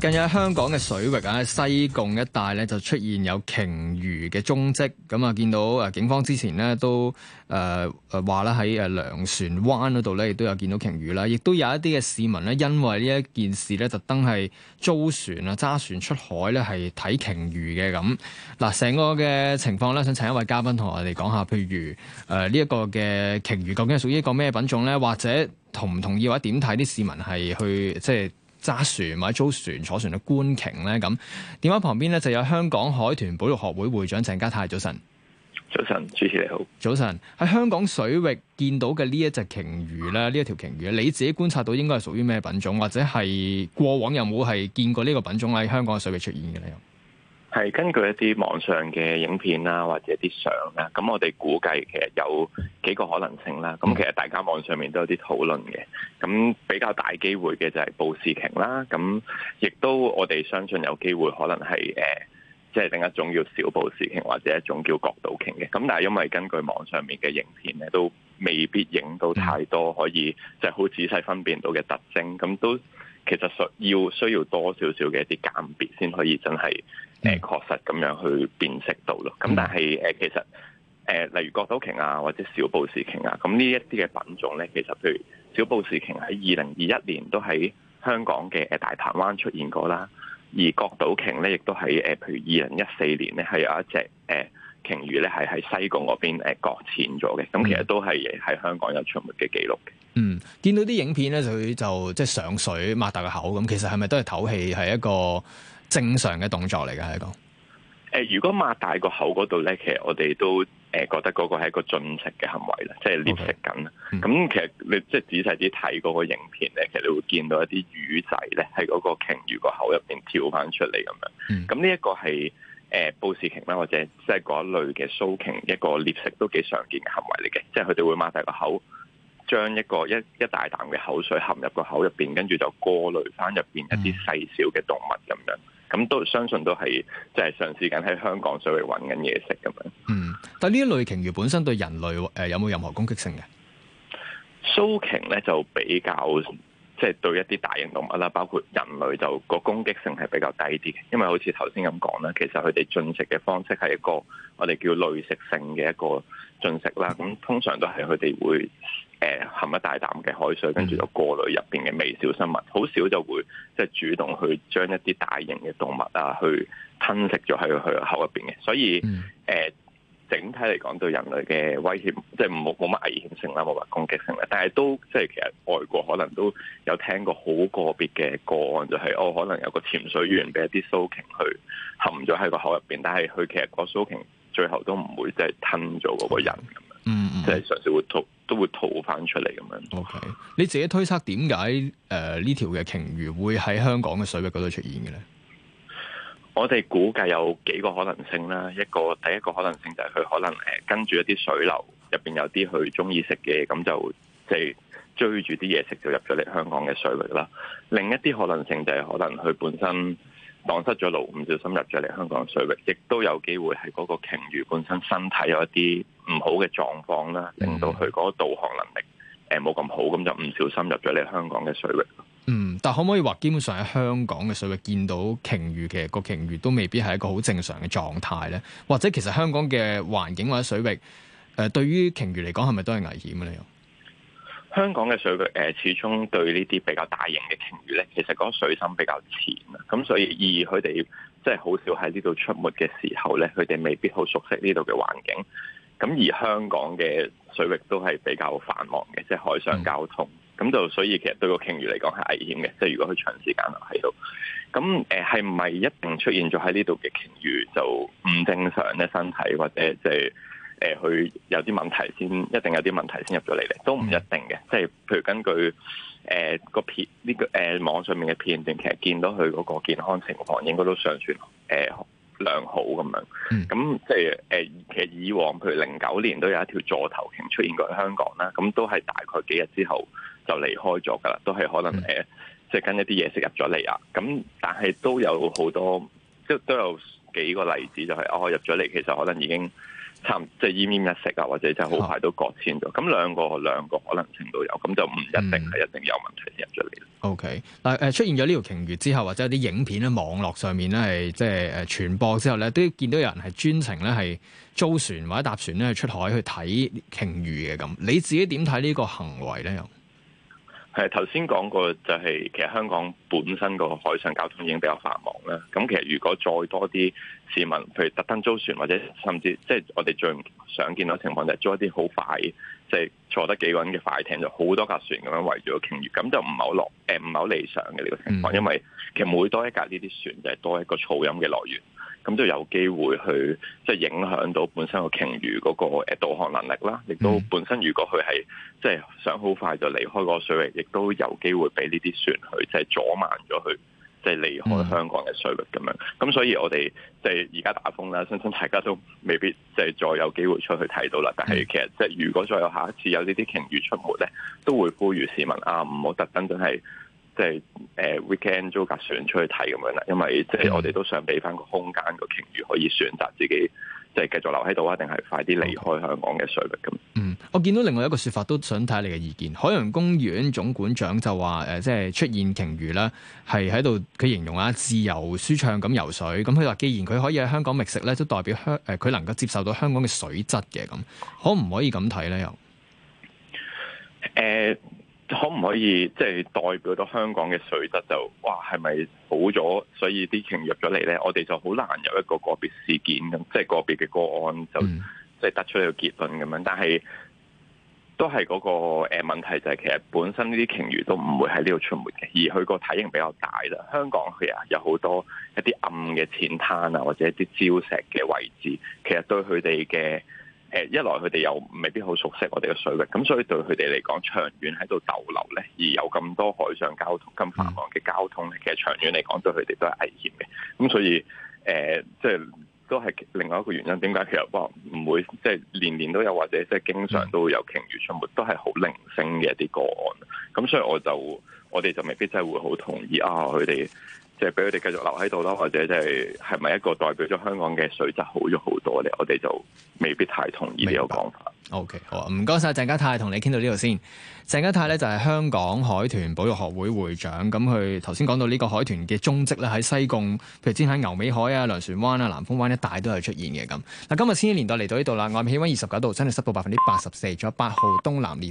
近日香港嘅水域啊，西貢一帶咧就出現有鯨魚嘅蹤跡。咁啊，見到啊警方之前咧都誒誒話啦，喺誒糧船灣嗰度咧，亦都有見到鯨魚啦。亦都有一啲嘅市民咧，因為呢一件事咧，特登係租船啊，揸船出海咧，係睇鯨魚嘅咁。嗱，成個嘅情況咧，想請一位嘉賓同我哋講下，譬如誒呢一個嘅鯨魚究竟係屬於一個咩品種咧，或者同唔同意或者點睇，啲市民係去即係揸船或租船坐船去觀鯨咧咁，電話旁邊咧就有香港海豚保育學會會長鄭家泰，早晨。早晨，主持你好。早晨，喺香港水域見到嘅呢一隻鯨魚咧，呢一條鯨魚，你自己觀察到應該係屬於咩品種，或者係過往有冇係見過呢個品種喺香港嘅水域出現嘅咧？係根據一啲網上嘅影片啦，或者啲相啦，咁我哋估計其實有幾個可能性啦。咁其實大家網上面都有啲討論嘅。咁比較大機會嘅就係布氏鯨啦。咁亦都我哋相信有機會可能係誒，即、呃、係、就是、另一種叫小布氏鯨，或者一種叫角島鯨嘅。咁但係因為根據網上面嘅影片咧，都未必影到太多可以就係、是、好仔細分辨到嘅特徵。咁都其實需要需要多少少嘅一啲鑒別先可以真係誒確實咁樣去辨識到咯。咁但係誒、呃、其實誒、呃、例如角島鯨啊或者小布氏鯨啊，咁呢一啲嘅品種咧，其實譬如小布氏鯨喺二零二一年都喺香港嘅誒、呃、大潭灣出現過啦，而角島鯨咧亦都喺誒、呃、譬如二零一四年咧係有一隻誒。呃鯨魚咧係喺西貢嗰邊誒擱淺咗嘅，咁其實都係喺香港有出沒嘅記錄嘅。嗯，見到啲影片咧，佢就即係上水擘大個口咁，其實係咪都係唞氣係一個正常嘅動作嚟嘅喺度？誒、呃，如果擘大個口嗰度咧，其實我哋都誒、呃、覺得嗰個係一個進食嘅行為啦，即係獵食緊啦。咁 Okay. 其實你即係仔細啲睇嗰個影片咧，其實、嗯、你會見到一啲魚仔咧喺嗰個鯨魚個口入邊跳翻出嚟咁樣。咁呢一個係。誒、呃，布氏鯨啦，或者即係嗰一類嘅鬚鯨，一個獵食都幾常見嘅行為嚟嘅，即係佢哋會擘大個口，將一個一一大啖嘅口水含入個口入邊，跟住就過濾翻入邊一啲細小嘅動物咁樣，咁都相信都係即係長時間喺香港水域揾緊嘢食咁樣。嗯，但係呢一類鯨魚本身對人類誒、呃、有冇任何攻擊性嘅？鬚鯨咧就比較。即係對一啲大型動物啦，包括人類，就個攻擊性係比較低啲嘅，因為好似頭先咁講啦，其實佢哋進食嘅方式係一個我哋叫濾食性嘅一個進食啦。咁通常都係佢哋會誒含、呃、一大啖嘅海水，跟住就過濾入邊嘅微小生物，好少就會即係、就是、主動去將一啲大型嘅動物啊去吞食咗喺佢口入邊嘅，所以誒。嗯呃整體嚟講對人類嘅威脅，即係冇冇乜危險性啦，冇乜攻擊性啦。但係都即係其實外國可能都有聽過好個別嘅個案，就係、是、哦，可能有個潛水員俾一啲鬚鯨去含咗喺個口入邊，但係佢其實個鬚鯨最後都唔會即係吞咗嗰個人咁樣，嗯嗯、即係嘗試會吐，都會吐翻出嚟咁樣。OK，你自己推測點解誒呢條嘅鯨魚會喺香港嘅水域嗰度出現嘅咧？我哋估計有幾個可能性啦，一個第一個可能性就係佢可能誒、呃、跟住一啲水流入面有啲佢中意食嘅，咁就即係、就是、追住啲嘢食就入咗嚟香港嘅水域啦。另一啲可能性就係可能佢本身蕩失咗路，唔小心入咗嚟香港水域，亦都有機會係嗰個鯨魚本身身體有一啲唔好嘅狀況啦，令到佢嗰個導航能力誒冇咁好，咁就唔小心入咗嚟香港嘅水域。但可唔可以話基本上喺香港嘅水域見到鯨魚，其實個鯨魚都未必係一個好正常嘅狀態咧。或者其實香港嘅環境或者水域，誒、呃、對於鯨魚嚟講係咪都係危險嘅呢？香港嘅水域誒、呃，始終對呢啲比較大型嘅鯨魚咧，其實嗰水深比較淺啊，咁所以而佢哋即係好少喺呢度出沒嘅時候咧，佢哋未必好熟悉呢度嘅環境。咁而香港嘅水域都係比較繁忙嘅，即、就、係、是、海上交通。嗯。咁就所以，其實對個鯨魚嚟講係危險嘅，即係如果佢長時間留喺度，咁誒係唔係一定出現咗喺呢度嘅鯨魚就唔正常咧？身體或者即係誒佢有啲問題先，一定有啲問題先入咗嚟咧，都唔一定嘅。即係譬如根據誒、呃這個片呢個誒網上面嘅片段，其實見到佢嗰個健康情況應該都尚算誒，呃良好咁樣，咁即係誒， 嗯、其實以往譬如零九年都有一條座頭鯨出現過喺香港啦，咁都係大概幾日之後就離開咗噶啦，都係可能誒、呃，即係跟一啲嘢食入咗嚟啊，咁但係都有好多，即係都有幾個例子就係我入咗嚟，哦、其實可能已經。差即係奄奄一息啊，或者就好快都擱淺咗，咁兩、哦、個兩個可能性都有，咁就唔一定係一定有問題先入咗嚟。O K，嗱誒，出現咗呢條鯨魚之後，或者有啲影片咧，網絡上面咧係即係誒傳播之後咧，都見到有人係專程咧係租船或者搭船咧出海去睇鯨魚嘅咁，你自己點睇呢個行為咧？係頭先講過，就係其實香港本身個海上交通已經比較繁忙啦。咁其實如果再多啲市民，譬如特登租船，或者甚至即係我哋最唔想見到情況就，就租一啲好快，即係坐得幾個人嘅快艇，就好多架船咁樣圍住個鯨魚，咁就唔係好落，誒唔係好理想嘅呢、這個情況，嗯、因為其實每多一架呢啲船就係多一個噪音嘅來源。咁就有機會去即係、就是、影響到本身個鯨魚嗰個誒導航能力啦，亦都本身如果佢係即係想好快就離開個水域，亦都有機會俾呢啲船去即係阻慢咗佢即係離開香港嘅水域咁樣。咁、mm hmm. 所以我哋即係而家打風啦，相信大家都未必即係再有機會出去睇到啦。但係其實即係如果再有下一次有呢啲鯨魚出沒咧，都會呼籲市民啊，唔好特登就係。即係誒，weekend 租架船出去睇咁樣啦，因為即係我哋都想俾翻個空間個鯨魚可以選擇自己，即係繼續留喺度啊，定係快啲離開香港嘅水域咁。嗯，我見到另外一個說法都想睇下你嘅意見。海洋公園總館長就話誒、呃，即係出現鯨魚啦，係喺度，佢形容啊自由舒暢咁游水。咁佢話既然佢可以喺香港覓食咧，都代表香誒佢能夠接受到香港嘅水質嘅咁，可唔可以咁睇咧？又誒、呃。可唔可以即係代表到香港嘅水質就哇係咪好咗？所以啲鯨入咗嚟呢，我哋就好難有一個個別事件咁，即係個別嘅個案就即係得出一個結論咁樣。但係都係嗰個誒問題就係，其實本身呢啲鯨魚都唔會喺呢度出沒嘅，而佢個體型比較大啦。香港佢啊有好多一啲暗嘅淺灘啊，或者一啲礁石嘅位置，其實對佢哋嘅。誒一來佢哋又未必好熟悉我哋嘅水域，咁所以對佢哋嚟講，長遠喺度逗留呢，而有咁多海上交通咁繁忙嘅交通，其實長遠嚟講對佢哋都係危險嘅。咁所以誒，即係都係另外一個原因，點解其實我唔會即係年年都有，或者即係經常都會有鯨魚出沒，都係好零星嘅一啲個案。咁所以我就我哋就未必真係會好同意啊，佢哋。即係俾佢哋繼續留喺度啦，或者即係係咪一個代表咗香港嘅水質好咗好多咧？我哋就未必太同意呢個講法。OK，好，啊，唔該晒。鄭家泰，同你傾到呢度先。鄭家泰咧就係香港海豚保育學會會長，咁佢頭先講到呢個海豚嘅蹤跡咧，喺西貢，譬如先喺牛尾海啊、糧船灣啊、南風灣一帶都係出現嘅。咁。嗱，今日先天年代嚟到呢度啦，外面氣温二十九度，相對濕度百分之八十四，仲有八號東南烈風。